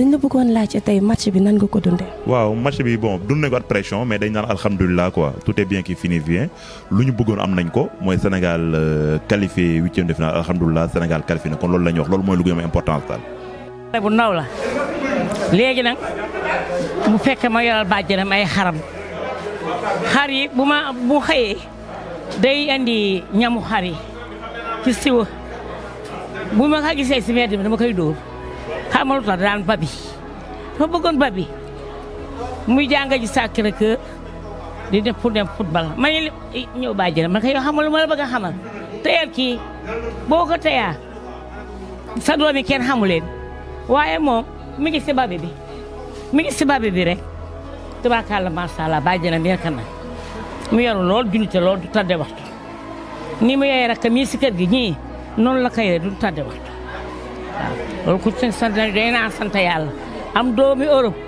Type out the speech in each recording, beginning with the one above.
dañ la bëggoon laaj tey match bi nan nga ko dundee. waaw match bi bon dund nañ ko at pression mais dañ naan alhamdulilah quoi tout est bien qui finit bien lu ñu bëggoon am nañ ko mooy Sénégal euh, qualifié huitième de finale alhamdulilah Sénégal qualifié na kon loolu la ñu wax loolu mooy lu gën a importance daal. bu ndaw la léegi nag bu fekkee ma yoral bàjjanam ay xaram xar yi bu ma bu xëyee day andi ñamu xar yi ci siwa bu ma ko gisee si mbedd bi dama koy dóor. xamal tax daan babi ma bëggoon babi muy jàng ji Sacré-Cœur di def pour dem football ma ne eh, ñëw baa jëlee man kay yow xamal ma la bëgg a xamal boo ko teyaa sa doom yi kenn xamu leen waaye moom mi ngi si babi bi mi ngi si babi bi rek tubaakàlla macha allah baa jëlee mu yoru lool jullite lool du tardé waxtu ni mu yore rakkam si kër gi ñii noonu la ko yore du tardé waaw loolu ku ci sant day naa yàlla am doomi Europe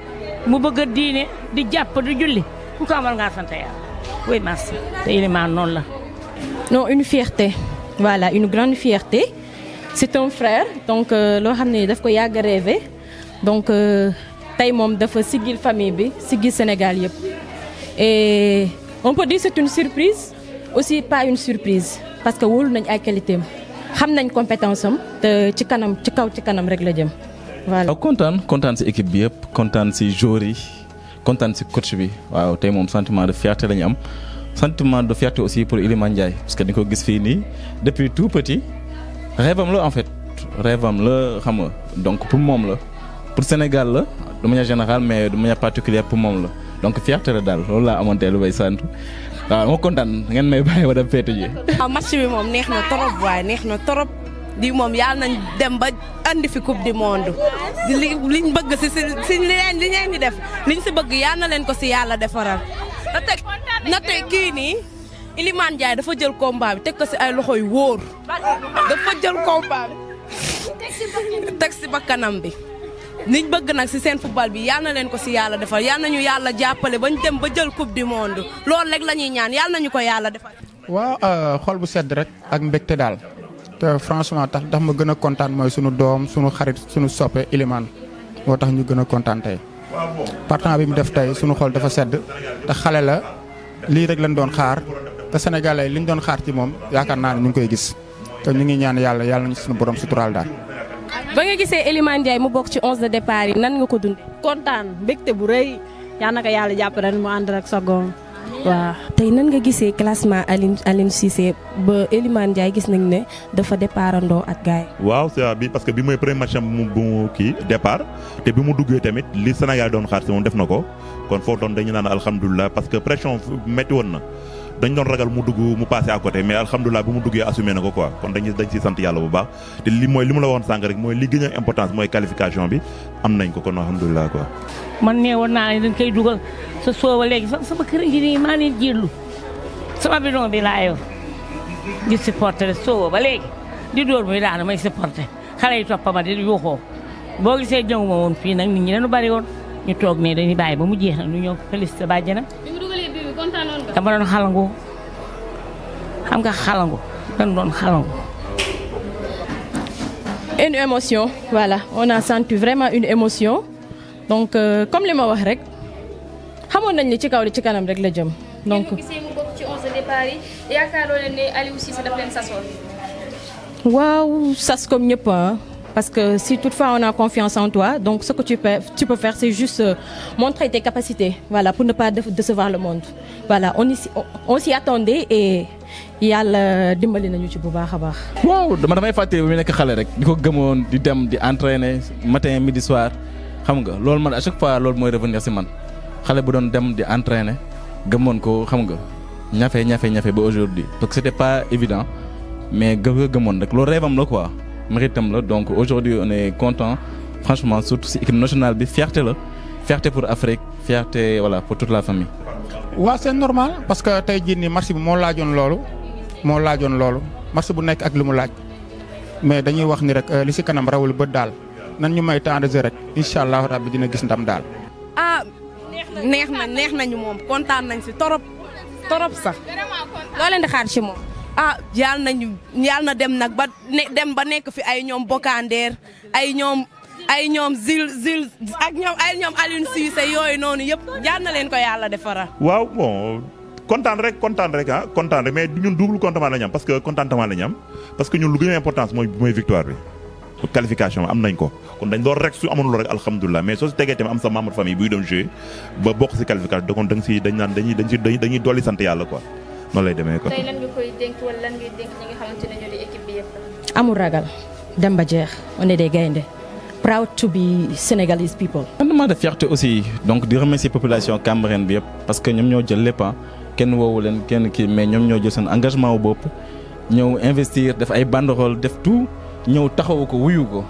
mu bëgg a diine di jàpp di julli ku ko amal ngaa sant yàlla oui merci te ilimaan noonu la. non une fierté voilà une grande fierté c'est un frère donc euh, loo xam ne daf ko yàgg a donc euh, tey moom dafa siggil famille bi siggil Sénégal yëpp et on peut dire c'est une surprise aussi pas une surprise parce que wóolu nañ ay xam nañ compétence am te ci kanam ci kaw ci kanam rek la jëm voilà. kontaan kontaan si équipe bi yëpp kontaan si joueurs yi kontaan si coach bi waaw tey moom sentiment de fierté la ñu am sentiment de fierté aussi pour Ilimane Ndiaye parce que dañ ko gis fii nii depuis tout petit rêve am la en fait rêve la xam nga donc pour moom la pour Sénégal la de manière général mais de manière particulière pour moom la. donc fierté la daal loolu laa amoon lu bay sant waaw ma kontaan ngeen may bàyyi ba dem féete ji. waaw ah, match bi moom neex na trop waaye neex na trop di moom yàlla na dem ba andi fi coupe du monde li liñ bëgg si si li leen di def liñ si bëgg yàlla na leen ko si yàlla defaral na teg na teg kii nii. Ilimane Ndiaye dafa jël combat bi teg ko si ay loxo yu wóor dafa jël combat bi teg si bakkanam bi. niñ bëgg nag si seen football bi yal na leen ko si yàlla defal yal nañu yàlla jàppale bañ dem ba jël coupe du monde lool rek la ñuy ñaan yal nañu ko yàlla defal. waa euh, xol bu sedd rek ak mbégte daal te franchement tax tax ma gën a kontaan mooy suñu doom suñu xarit suñu soppe Ilimane moo tax ñu gën a kontaan tey. partant bi mu def tey suñu xol dafa sedd te xale la lii rek lañ doon xaar te sénégalais liñ doon xaar ci moom yaakaar naa ne ñu ngi koy gis te ñu ngi ñaan yàlla yàlla nañu sunu borom suturaal daal. ba nga gisee Elimane Ndiaye mu bokk ci onze de départ yi nan nga ko dundee. kontaan mbégte bu rëy yal na yàlla jàpp ren mu ànd ak sagoom waaw. tey nan nga gisee classement Aline Aline Cissé ba Elimane Ndiaye gis nañ ne dafa départandoo ak gars yi. waaw c'est bi parce que bi mooy premier match am mu mu kii départ te bi mu duggee tamit li Sénégal doon xaar si moom def na ko kon foo doon dañu naan alhamdulilah parce que pression métti woon na. dañ doon ragal mu dugg mu passé à côté mais alhamdulilah bu mu duggee assumé na ko quoi kon dañ dañ ciy sant yàlla bu baax te li mooy li mu la waxoon sànq rek mooy li gën a importance mooy qualification bi am nañ ko kon alhamdulilah quoi. man nee woon naa ne dañ koy dugal sa sooba léegi sama kër ngi nii maa ngi jiirlu sama bidon bi laa yor di supporter sooba ba léegi di door muy daanu may supporter xale yi topp ma di yuuxoo boo gisee jëngu ma woon fii nag nit ñi dañu bari woon ñu toog mais dañuy bàyyi ba mu jeex ñu ñëw félicité bàjjenam dama doon xalangu xam nga xalangu dañ doon xalangu. une émotion voilà on a senti vraiment une émotion donc euh, comme li ma wax rek xamoon nañ ni ci kaw li ci kanam rek la jëm. donc waaw sas comme ñëpp Parce que si toutefois on a confiance en toi, donc ce que tu peux, tu peux faire, c'est juste euh, montrer tes capacités, voilà, pour ne pas décevoir le monde. Voilà, on, on, on s'y attendait et yàlla dimbali nañu ci bu baax a baax. waaw dama damay fàtte bu mu nekk xale rek di ko gëmoon di dem di entraîner matin midi soir xam nga loolu ma à chaque fois loolu mooy revenir si man xale bu doon dem di entraîner gëmoon ko xam nga ñafe ñafe ñafe ba aujourd'hui donc c'était mais gëm gëmoon rek loolu rêve am la quoi. méritam la donc aujourd'hui on est content franchement surtout si équipe nationale bi fierté la fierté pour Afrique fierté voilà pour toute la famille. waaw normal parce que tey jii nii marché bi moo laajoon loolu moo laajoon loolu marché bu nekk ak lu mu laaj mais dañuy wax ni rek euh, li ci kanam rawul bët daal nan ñu may temps rek incha allah rabbi dina gis ndam daal. ah neex na neex nañu moom kontaan nañ ci torop torop sax ah yàlla nañu yàlla na dem nag ba dem ba nekk fi ay ñoom Bokandeer ay ñoom ay ñoom Zil Zil ak ñoom ay ñoom Alioune Cissé yooyu noonu yëpp yàlla na leen ko yàlla defara waaw bon kontaan rek kontaan rek ah, mais ñun double contentement la ñu am parce que contentement la ñu parce que ñun lu gën a importance mooy mooy victoire bi. qualification am nañ ko kon dañ loolu rek su amoon loolu rek alhamdulilah mais soo si tegee tamit am sa membre famille buy dem jouer noonu lay demee ko tey lan nga koy dénk wala lan ngay dénk ñi nga bi yëpp. amul ragal dem ba jeex on est gaynde proud to be Senegalese people. rendement de fierté aussi donc di remercier population Cambérène bi yëpp parce que ñoom ñoo jël lépp ah. kenn woowu leen kenn kii mais ñoom ñoo jël seen engagement bopp ñëw investir def ay banderole def tout ñëw taxawu ko wuyu ko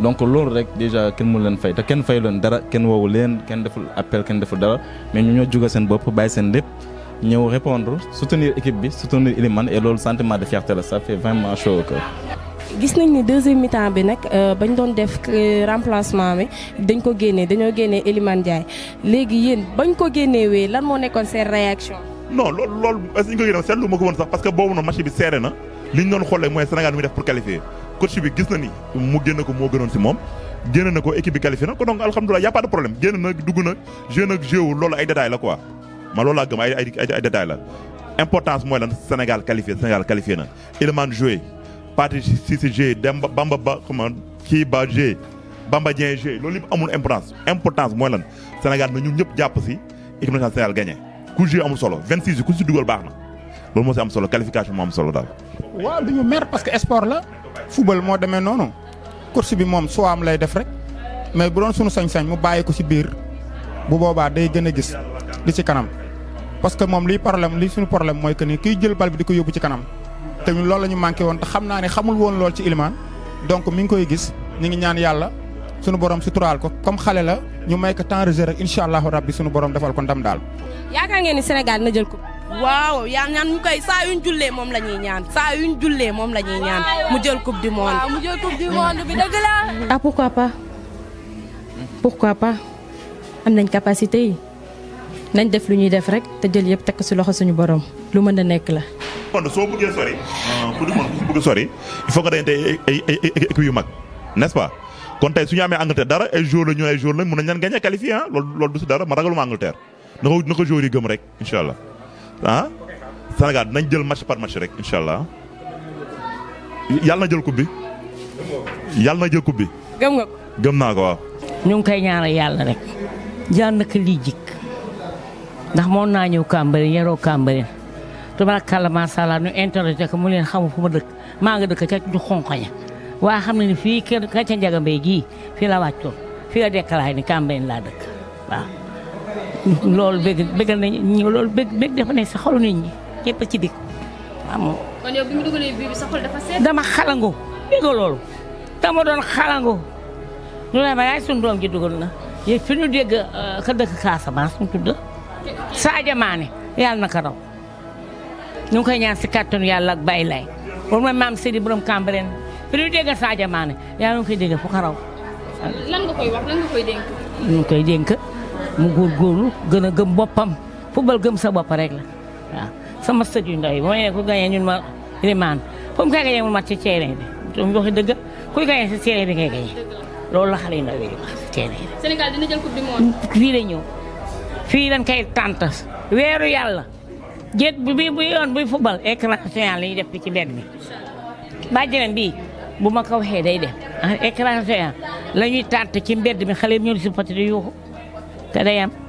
donc loolu rek déjà kenn mënu leen fay te kenn fay leen dara kenn woowu leen kenn deful appel kenn deful dara mais ñoom ñoo jugal seen bopp bàyyi seen lépp. ñëw répondre soutenir équipe bi soutenir Ilimane et loolu sentiment de fierté la ça fait vraiment chaud au cœur. gis nañ ni deuxième mi bi nag euh, bañ doon def euh, remplacement bi dañ ko génnee dañoo génnee Elimane Ndiaye léegi yéen bañ ko génnee wee lan moo nekkoon seen réaction. non loolu loolu est-ce ñu ko génne seetlu ma ko boobu noonu match bi serré na li doon xoolee mooy Sénégal muy def pour qualifier coach bi gis na ni mu génn ko moo gënoon si moom. génn n ko dugg loolu la quoi. man loolu laa gëm ay ay ay détails la importance mooy lan Sénégal qualifié Sénégal qualifié na Ilimane joué Pathé Cissé joué Demba Bamba Ba xam kii Ba joué Bamba Dieng joué loolu yëpp amul importance importance mooy lan Sénégal na ñun ñëpp jàpp si équipe nationale Sénégal gagné ku joué amul solo 26 ku si dugal baax na loolu moo si am solo qualification moo am solo daal. waaw du ñu mer parce que sport la. football moo demee noonu. course bi moom soo am lay def rek mais bu sunu sañ-sañ mu bàyyi ko si biir bu boobaa day gën gis li ci kanam. parce que moom liy problème li suñu problème mooy que ni kiy jël bal bi di ko yóbbu ci kanam te loolu la ñu manqué woon te xam naa ne xamul woon lool ci Iliman donc mi ngi koy gis ñi ngi ñaan yàlla suñu borom suturaal ko comme xale la ñu may ko temps de jeu rek incha allahu rabbi suñu borom defal ko ndam daal. yaakaar ngeen ni Sénégal na jël ko. waaw yaa ñaan ñu koy saa yuñ jullee moom la ñaan saa yuñ jullee moom la ñuy ñaan mu jël coupe di monde. waaw mu jël du monde bi dëgg la. ah pourquoi nañ def lu ñuy def rek te jël yëpp tekk ci loxo suñu borom lu mën a nekk la. kon soo bëggee sori euh, pour ko ku bëgg sori il faut nga dañ tey ay équipe yu mag n'est-ce pas kon tey su ñu amee Angleterre dara ay joueurs la ñu ay joueurs la mën nañ leen gagné qualifié ah loolu loolu du ci dara ma ragaluma Angleterre na ko na ko joueurs gëm rek incha ah? Sénégal nañ jël match par match rek incha allah yàlla jël coupe bi yàlla na jël coupe bi. gëm ko gëm naa ko rek. jàll ko lii jik ndax moo naa ñëw Cambérène yaroo Cambérène tubarakàlla macha allah ñu interroger ko mu leen xamul fu ma dëkk maa nga dëkk ca ñu xonq waa xam ne ni fii kenn ka ca njagambey fii la wàccoon fii la dekkalaay ni Cambérène laa dëkk waaw loolu bëgg bëggal nañ ñu loolu bëgg xolu nit ñi ñëpp ci dikk amoo. kon yow bi mu dugalee bii bi dama xalangu dégg loolu dama doon xalangu ñu ne ma yaay ji dugal na fi ñu dégg euh, ka dëkk Casamance mu tudd Sadio Mané yàlla na ko raw ñu ngi koy ñaan si kàttanu yàlla ak bay lay war ma maam Seydi borom Cambérène fi ñu dégg Sadio Mané yàlla nga koy dégg fu ko raw lan nga koy wax lan nga koy dénk ñu koy dénk mu góorgóorlu gën a gëm boppam football gëm sa bopp rek la waaw sama sët yu ndaw yi ba ma ne ku gagné ñun ma rimaan fu mu koy gagné mu mat ci ceene bi mu waxi dëgg kuy gagné si ceene bi ngay gagné yi wax si ceene bi fii lañ koy tant weeru yàlla jét bi bi bu yoon buy football écran géant la ñuy def ci mbedd mi bàjjenam bii bu ma ko waxee day dem ah, écran géant lañuy ñuy tant ci mbedd mi xale ñëw si poti di yuuxu te day